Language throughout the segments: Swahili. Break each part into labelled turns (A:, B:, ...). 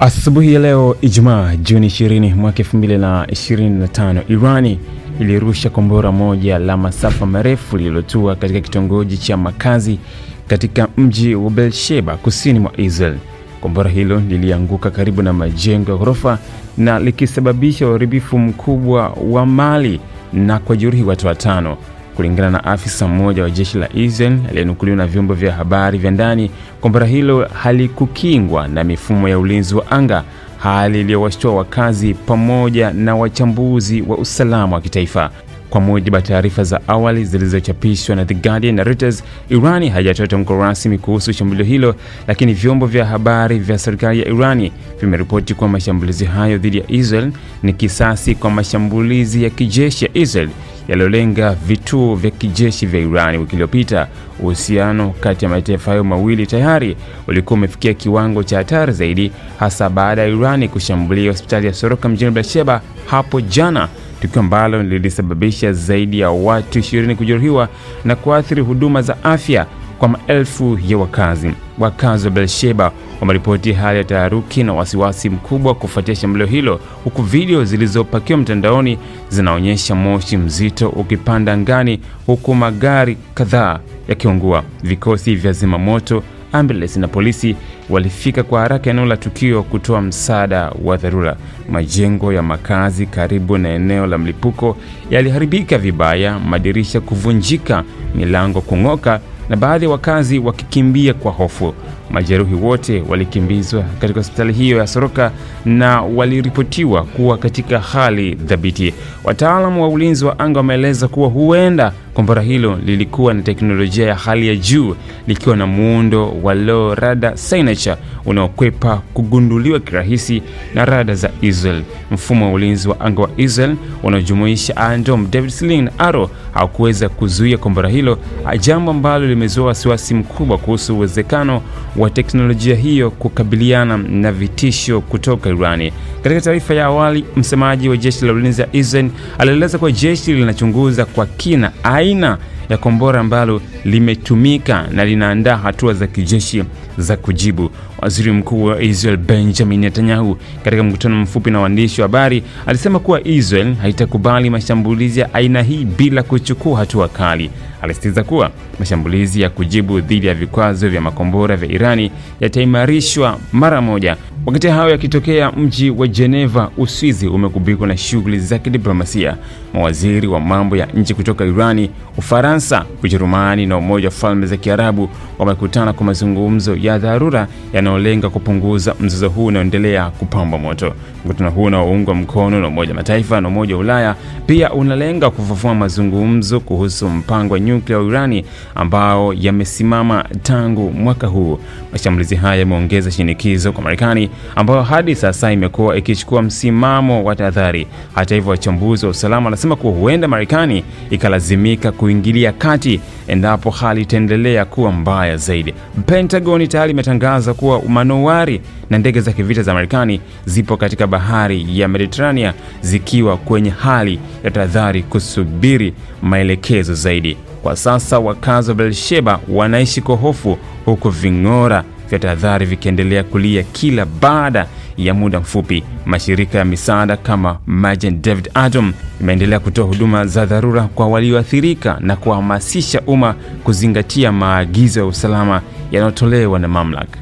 A: Asubuhi ya leo Ijumaa, Juni 20 mwaka 2025, Irani ilirusha kombora moja la masafa marefu lililotua katika kitongoji cha makazi katika mji wa Beersheba kusini mwa Israel. Kombora hilo lilianguka karibu na majengo ya ghorofa na likisababisha uharibifu mkubwa wa mali na kujeruhi watu watano kulingana na afisa mmoja wa jeshi la Israel aliyenukuliwa na vyombo vya habari vya ndani. Kombora hilo halikukingwa na mifumo ya ulinzi wa anga, hali iliyowashtua wakazi pamoja na wachambuzi wa usalama wa kitaifa. Kwa mujibu wa taarifa za awali zilizochapishwa na The Guardian na Reuters, Irani haijatoa tamko rasmi kuhusu shambulio hilo, lakini vyombo vya habari vya serikali ya Irani vimeripoti kuwa mashambulizi hayo dhidi ya Israel ni kisasi kwa mashambulizi ya kijeshi ya Israel yaliyolenga vituo vya kijeshi vya Iran wiki iliyopita. Uhusiano kati ya mataifa hayo mawili tayari ulikuwa umefikia kiwango cha hatari zaidi, hasa baada ya Iran kushambulia hospitali ya Soroka mjini Beersheba hapo jana, tukio ambalo lilisababisha zaidi ya watu 20 kujeruhiwa na kuathiri huduma za afya kwa maelfu ya wakazi. Wakazi wa Beersheba wameripoti hali ya taharuki na wasiwasi mkubwa kufuatia shambulio hilo, huku video zilizopakiwa mtandaoni zinaonyesha moshi mzito ukipanda angani, huku magari kadhaa yakiungua. Vikosi vya zimamoto, ambulance na polisi walifika kwa haraka eneo la tukio kutoa msaada wa dharura. Majengo ya makazi karibu na eneo la mlipuko yaliharibika vibaya, madirisha kuvunjika, milango kung'oka na baadhi ya wakazi wakikimbia kwa hofu. Majeruhi wote walikimbizwa katika hospitali hiyo ya Soroka na waliripotiwa kuwa katika hali dhabiti. Wataalamu wa ulinzi wa anga wameeleza kuwa huenda kombora hilo lilikuwa na teknolojia ya hali ya juu likiwa na muundo wa low radar signature unaokwepa kugunduliwa kirahisi na rada za Israel. Mfumo wa ulinzi wa anga wa Israel unaojumuisha Iron Dome David's Arrow haukuweza kuzuia kombora hilo, jambo ambalo limezua wasiwasi mkubwa kuhusu uwezekano wa wa teknolojia hiyo kukabiliana na vitisho kutoka Irani. Katika taarifa ya awali, msemaji wa jeshi la ulinzi ya Israel alieleza kuwa jeshi linachunguza kwa kina aina ya kombora ambalo limetumika na linaandaa hatua za kijeshi za kujibu. Waziri Mkuu wa Israel Benjamin Netanyahu, katika mkutano mfupi na waandishi wa habari, alisema kuwa Israel haitakubali mashambulizi ya aina hii bila kuchukua hatua kali. Alisitiza kuwa mashambulizi ya kujibu dhidi ya vikwazo vya makombora vya Irani yataimarishwa mara moja Wakati hayo yakitokea, mji wa Geneva, Uswizi, umekubikwa na shughuli za kidiplomasia. Mawaziri wa mambo ya nje kutoka Irani, Ufaransa, Ujerumani na Umoja wa Falme za Kiarabu wamekutana kwa mazungumzo ya dharura yanayolenga kupunguza mzozo huu unaoendelea kupamba moto. Mkutano huu unaoungwa mkono na Umoja wa Mataifa na Umoja wa Ulaya pia unalenga kufufua mazungumzo kuhusu mpango wa nyuklia wa Irani ambao yamesimama tangu mwaka huu. Mashambulizi haya yameongeza shinikizo kwa Marekani ambayo hadi sasa imekuwa ikichukua msimamo wa tahadhari. Hata hivyo, wachambuzi wa usalama wanasema kuwa huenda Marekani ikalazimika kuingilia kati endapo hali itaendelea kuwa mbaya zaidi. Pentagon tayari imetangaza kuwa manowari na ndege za kivita za Marekani zipo katika bahari ya Mediterania zikiwa kwenye hali ya tahadhari kusubiri maelekezo zaidi. Kwa sasa wakazi wa belsheba wanaishi kwa hofu huku ving'ora vya tahadhari vikiendelea kulia kila baada ya muda mfupi. Mashirika ya misaada kama Majen David Adom imeendelea kutoa huduma za dharura kwa walioathirika na kuhamasisha umma kuzingatia maagizo ya usalama yanayotolewa na mamlaka.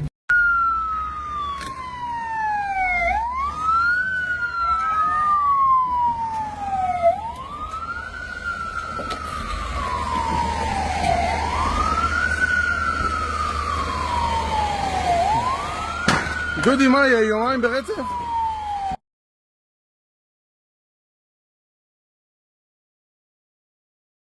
B: דודי, מה יהיה יומיים ברצף?